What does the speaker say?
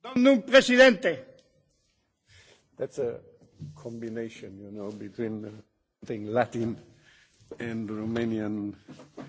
Domnul președinte. That's a combination, you know, between something Latin and Romanian. Uh,